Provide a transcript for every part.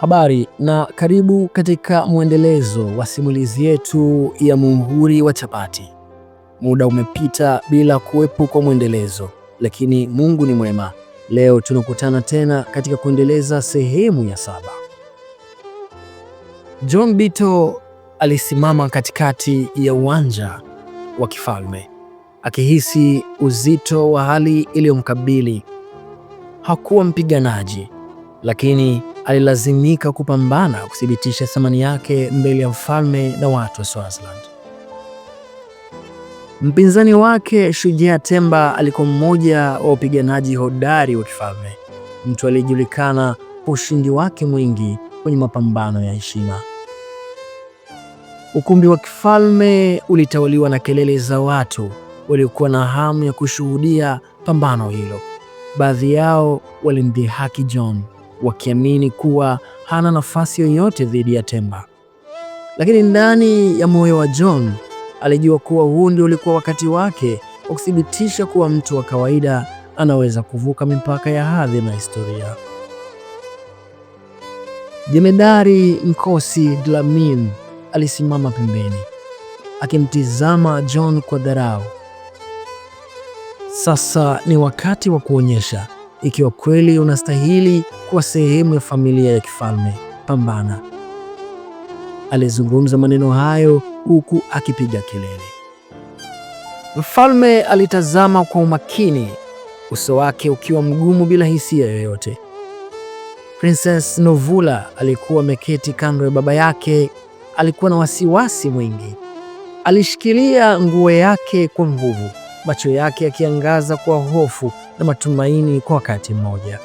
Habari na karibu katika mwendelezo wa simulizi yetu ya Muhuri wa Chapati. Muda umepita bila kuwepo kwa mwendelezo, lakini Mungu ni mwema. Leo tunakutana tena katika kuendeleza sehemu ya saba. John Bito alisimama katikati ya uwanja wa kifalme akihisi uzito wa hali iliyomkabili. Hakuwa mpiganaji lakini alilazimika kupambana kuthibitisha thamani yake mbele ya mfalme na watu wa Swaziland. Mpinzani wake Shujaa Temba alikuwa mmoja wa wapiganaji hodari wa kifalme, mtu aliyejulikana kwa ushindi wake mwingi kwenye mapambano ya heshima. Ukumbi wa kifalme ulitawaliwa na kelele za watu waliokuwa na hamu ya kushuhudia pambano hilo. Baadhi yao walimdhihaki John wakiamini kuwa hana nafasi yoyote dhidi ya Temba. Lakini ndani ya moyo wa John alijua kuwa huu ndio ulikuwa wakati wake wa kuthibitisha kuwa mtu wa kawaida anaweza kuvuka mipaka ya hadhi na historia. Jemedari mkosi Dlamini alisimama pembeni akimtizama John kwa dharau. Sasa ni wakati wa kuonyesha ikiwa kweli unastahili kuwa sehemu ya familia ya kifalme, pambana. Alizungumza maneno hayo huku akipiga kelele. Mfalme alitazama kwa umakini, uso wake ukiwa mgumu bila hisia yoyote. Princess Novula alikuwa ameketi kando ya baba yake. Alikuwa na wasiwasi mwingi. Alishikilia nguo yake kwa nguvu, macho yake yakiangaza kwa hofu na matumaini kwa wakati mmoja.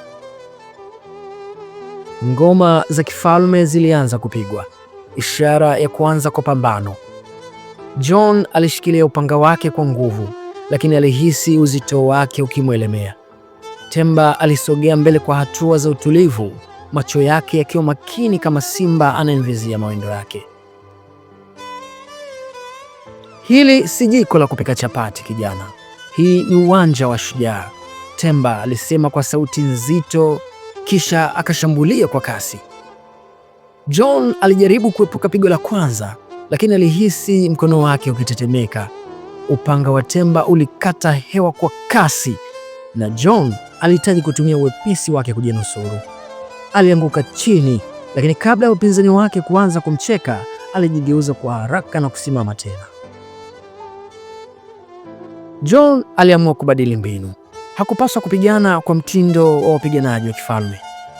Ngoma za kifalme zilianza kupigwa, ishara ya kuanza kwa pambano. John alishikilia upanga wake kwa nguvu, lakini alihisi uzito wake ukimwelemea. Temba alisogea mbele kwa hatua za utulivu, macho yake yakiwa makini kama simba anayemvizia mawindo yake. Hili si jiko la kupika chapati, kijana. Hii ni uwanja wa shujaa. Temba alisema kwa sauti nzito, kisha akashambulia kwa kasi. John alijaribu kuepuka pigo la kwanza, lakini alihisi mkono wake ukitetemeka. Upanga wa Temba ulikata hewa kwa kasi, na John alihitaji kutumia uwepesi wake kujinusuru. Alianguka chini, lakini kabla ya upinzani wake kuanza kumcheka, alijigeuza kwa haraka na kusimama tena. John aliamua kubadili mbinu hakupaswa kupigana kwa mtindo wa wapiganaji wa kifalme,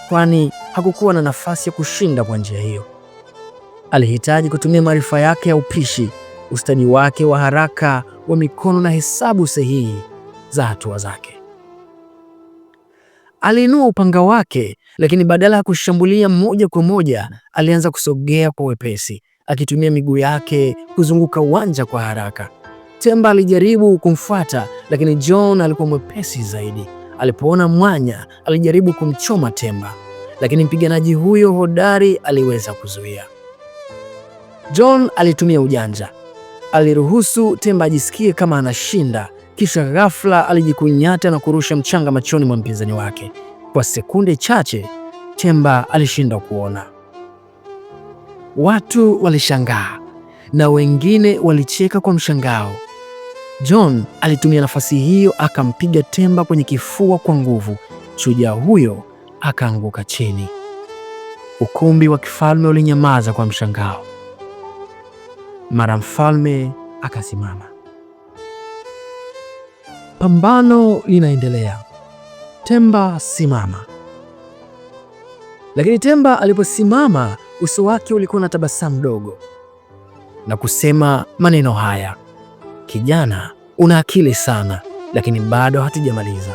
kwani hakukuwa na nafasi ya kushinda kwa njia hiyo. Alihitaji kutumia maarifa yake ya upishi, ustadi wake wa haraka wa mikono na hesabu sahihi za hatua zake. Aliinua upanga wake, lakini badala ya kushambulia moja kwa moja, alianza kusogea kwa wepesi, akitumia miguu yake kuzunguka uwanja kwa haraka. Temba alijaribu kumfuata, lakini John alikuwa mwepesi zaidi. Alipoona mwanya, alijaribu kumchoma Temba, lakini mpiganaji huyo hodari aliweza kuzuia. John alitumia ujanja, aliruhusu Temba ajisikie kama anashinda, kisha ghafla alijikunyata na kurusha mchanga machoni mwa mpinzani wake. Kwa sekunde chache, Temba alishindwa kuona. Watu walishangaa na wengine walicheka kwa mshangao. John alitumia nafasi hiyo akampiga Temba kwenye kifua kwa nguvu. Shujaa huyo akaanguka chini. Ukumbi wa kifalme ulinyamaza kwa mshangao. Mara mfalme akasimama. Pambano linaendelea. Temba, simama! Lakini Temba aliposimama, uso wake ulikuwa na tabasamu dogo na kusema maneno haya: Kijana, una akili sana, lakini bado hatujamaliza.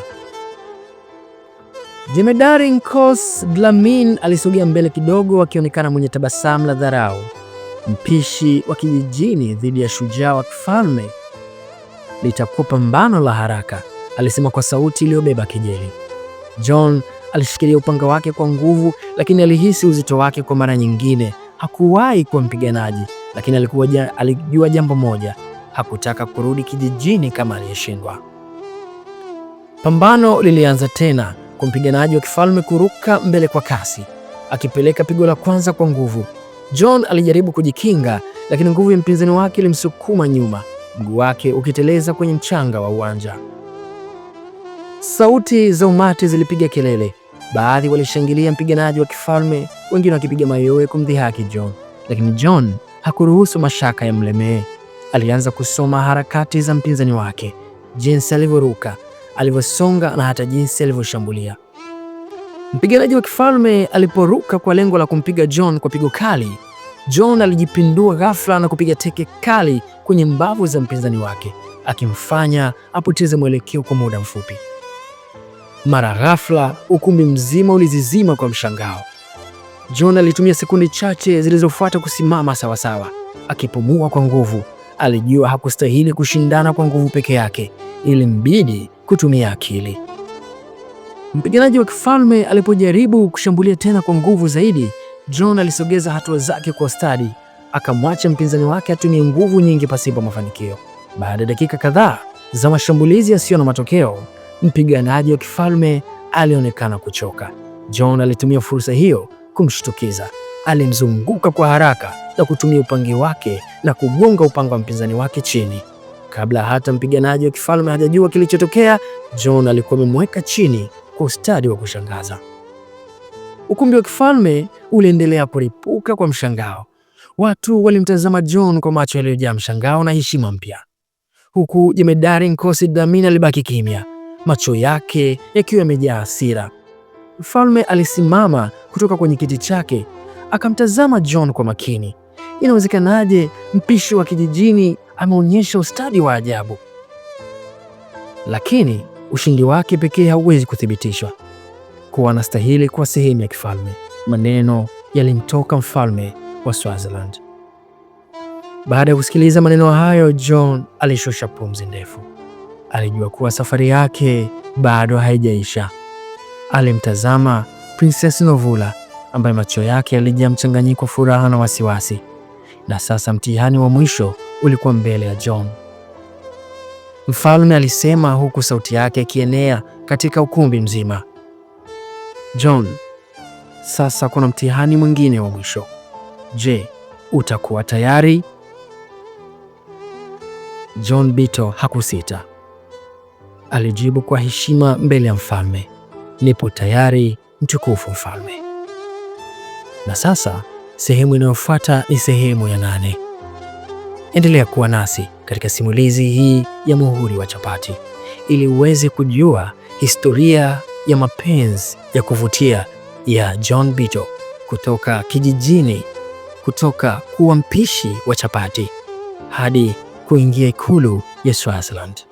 Jemedari Nkos dlamin alisogea mbele kidogo, akionekana mwenye tabasamu la dharau. Mpishi wa kijijini dhidi ya shujaa wa kifalme litakuwa pambano la haraka, alisema kwa sauti iliyobeba kejeli. John alishikilia upanga wake kwa nguvu, lakini alihisi uzito wake kwa mara nyingine. Hakuwahi kuwa mpiganaji, lakini alikuwa alijua jambo moja: hakutaka kurudi kijijini kama aliyeshindwa. Pambano lilianza tena kwa mpiganaji wa kifalme kuruka mbele kwa kasi, akipeleka pigo la kwanza kwa nguvu. John alijaribu kujikinga, lakini nguvu ya mpinzani wake ilimsukuma nyuma, mguu wake ukiteleza kwenye mchanga wa uwanja. Sauti za umati zilipiga kelele. Baadhi walishangilia mpiganaji wa kifalme, wengine wakipiga mayowe kumdhihaki John, lakini John hakuruhusu mashaka yamlemee alianza kusoma harakati za mpinzani wake, jinsi alivyoruka, alivyosonga na hata jinsi alivyoshambulia. Mpiganaji wa kifalme aliporuka kwa lengo la kumpiga John kwa pigo kali, John alijipindua ghafla na kupiga teke kali kwenye mbavu za mpinzani wake, akimfanya apoteze mwelekeo kwa muda mfupi. Mara ghafla, ukumbi mzima ulizizima kwa mshangao. John alitumia sekunde chache zilizofuata kusimama sawasawa, akipumua kwa nguvu Alijua hakustahili kushindana kwa nguvu peke yake, ilimbidi kutumia akili. Mpiganaji wa kifalme alipojaribu kushambulia tena kwa nguvu zaidi, John alisogeza hatua zake kwa ustadi, akamwacha mpinzani wake atumie nguvu nyingi pasipo mafanikio. Baada ya dakika kadhaa za mashambulizi yasiyo na matokeo, mpiganaji wa kifalme alionekana kuchoka. John alitumia fursa hiyo kumshtukiza alimzunguka kwa haraka na kutumia upangi wake na kugonga upanga wa mpinzani wake chini. Kabla hata mpiganaji wa kifalme hajajua kilichotokea, John alikuwa amemweka chini kwa ustadi wa kushangaza. Ukumbi wa kifalme uliendelea kuripuka kwa mshangao. Watu walimtazama John kwa macho yaliyojaa mshangao na heshima mpya, huku jemedari Nkosi Dlamini alibaki kimya, macho yake yakiwa yamejaa hasira. Mfalme alisimama kutoka kwenye kiti chake akamtazama John kwa makini. Inawezekanaje mpishi wa kijijini ameonyesha ustadi wa ajabu? Lakini ushindi wake pekee hauwezi kuthibitishwa kuwa anastahili kuwa sehemu ya kifalme. Maneno yalimtoka mfalme wa Swaziland. Baada ya kusikiliza maneno hayo, John alishusha pumzi ndefu. Alijua kuwa safari yake bado haijaisha. Alimtazama Princess Novula ambaye macho yake yalijaa mchanganyiko furaha na wasiwasi. Na sasa mtihani wa mwisho ulikuwa mbele ya John. Mfalme alisema huku sauti yake ikienea katika ukumbi mzima. John, sasa kuna mtihani mwingine wa mwisho. Je, utakuwa tayari? John Bito hakusita. Alijibu kwa heshima mbele ya mfalme, nipo tayari, mtukufu mfalme. Na sasa sehemu inayofuata ni sehemu ya nane. Endelea kuwa nasi katika simulizi hii ya Muhuri wa Chapati ili uweze kujua historia ya mapenzi ya kuvutia ya John Bito kutoka kijijini, kutoka kuwa mpishi wa chapati hadi kuingia ikulu ya Swaziland.